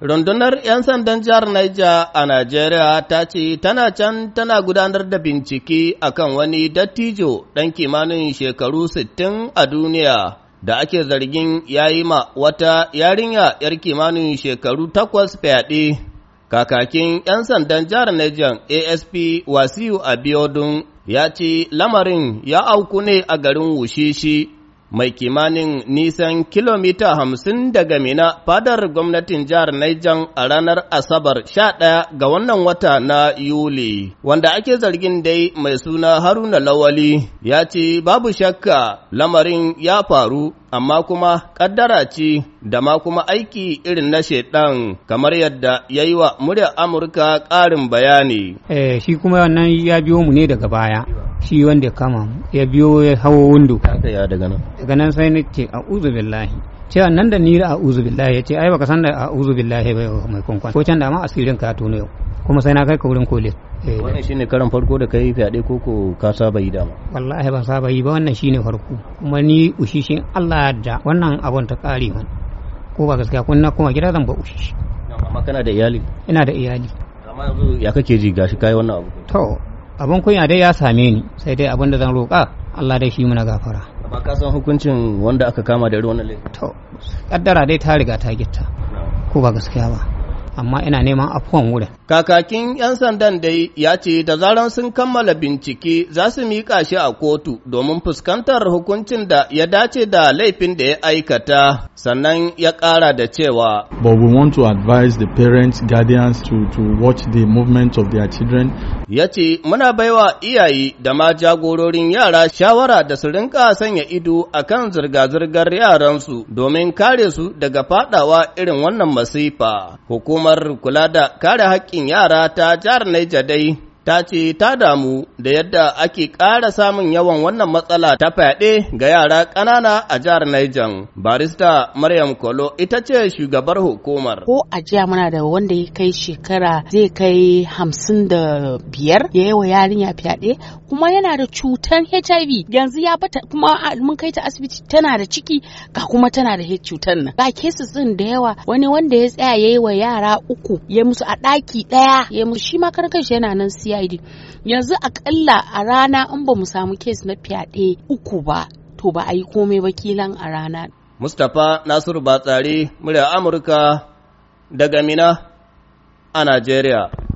Rundunar 'yan sandan jihar na'ija a Najeriya ta ce tana can tana gudanar da bincike akan wani dattijo ɗan kimanin shekaru sittin a duniya da ake zargin ya yi ma wata yarinya 'yar kimanin shekaru takwas fyaɗe. Kakakin 'yan sandan jihar Naija ASP Wasiu Abiodun ya ce lamarin ya auku ne a garin Wushishi. mai kimanin nisan kilomita hamsin daga Mina fadar gwamnatin jihar Naijan a ranar Asabar sha ɗaya ga wannan wata na Yuli, wanda ake zargin dai mai suna Haruna Lawali ya ce babu shakka lamarin ya faru amma kuma ƙaddara ce da ma kuma aiki irin na shaiɗan kamar yadda ya yi wa muryar Amurka ƙarin bayani. Eh, shi kuma wannan ya biyo mu ne daga baya. shi wanda ya kama mu ya biyo ya hawo windo daga nan daga nan sai ni ce a'udhu billahi ce nan da ni uzu billahi ya ce ai baka san da a'udhu billahi ba mai kwankwan ko can da ma asirin ka tono yau kuma sai na kai ka wurin kole eh, wannan eh. shine karan farko da kai fyaɗe ko ko ka saba yi dama wallahi ban saba yi ba wannan shine farko kuma ni ushishin Allah da wannan abun ta kare man ko ba gaskiya kun na kuma gida zan ba ushishi amma kana da iyali ina da iyali amma yanzu ya kake ji gashi kai wannan abu to abin kunya dai ya same ni sai dai abin da zan roƙa Allah dai shi muna gafara ba ka san hukuncin wanda aka kama da ruwan lalle to kaddara dai ta riga ta gitta ko ba gaskiya ba amma ina neman afuwan wurin Kakakin 'yan sandan dai ya ce da zaran sun kammala bincike za su miƙa shi a kotu domin fuskantar hukuncin da ya dace da laifin da ya aikata sannan ya ƙara da cewa. But we want to advise the parents, guardians to, to watch the movement of their children. Ya ce muna baiwa iyaye da ma jagororin yara shawara da su rinka sanya ido akan zirga-zirgar yaransu domin kare su daga faɗawa irin wannan masifa. Hukumar kula da kare haƙƙin yara ta jihar Niger dai ta ce ta damu da yadda ake ƙara samun yawan wannan matsala ta fyaɗe ga yara ƙanana a jihar Niger. Barista Maryam Kolo ita ce shugabar hukumar. Ko a jiya muna da wanda ya kai shekara zai kai hamsin da biyar ya yi wa yarinya fyaɗe kuma yana da cutar HIV yanzu ya bata kuma mun kai ta asibiti tana da ciki ga kuma tana da cutar nan. Ga cases ɗin da yawa wani wanda ya tsaya ya yi wa yara uku ya musu a ɗaki ɗaya ya musu shi ma shi yana nan siya yanzu akalla a rana in ba mu samu kes na fyaɗe uku ba to ba a yi komai ba kilan a rana mustapha nasiru batsari murya amurka daga mina a najeriya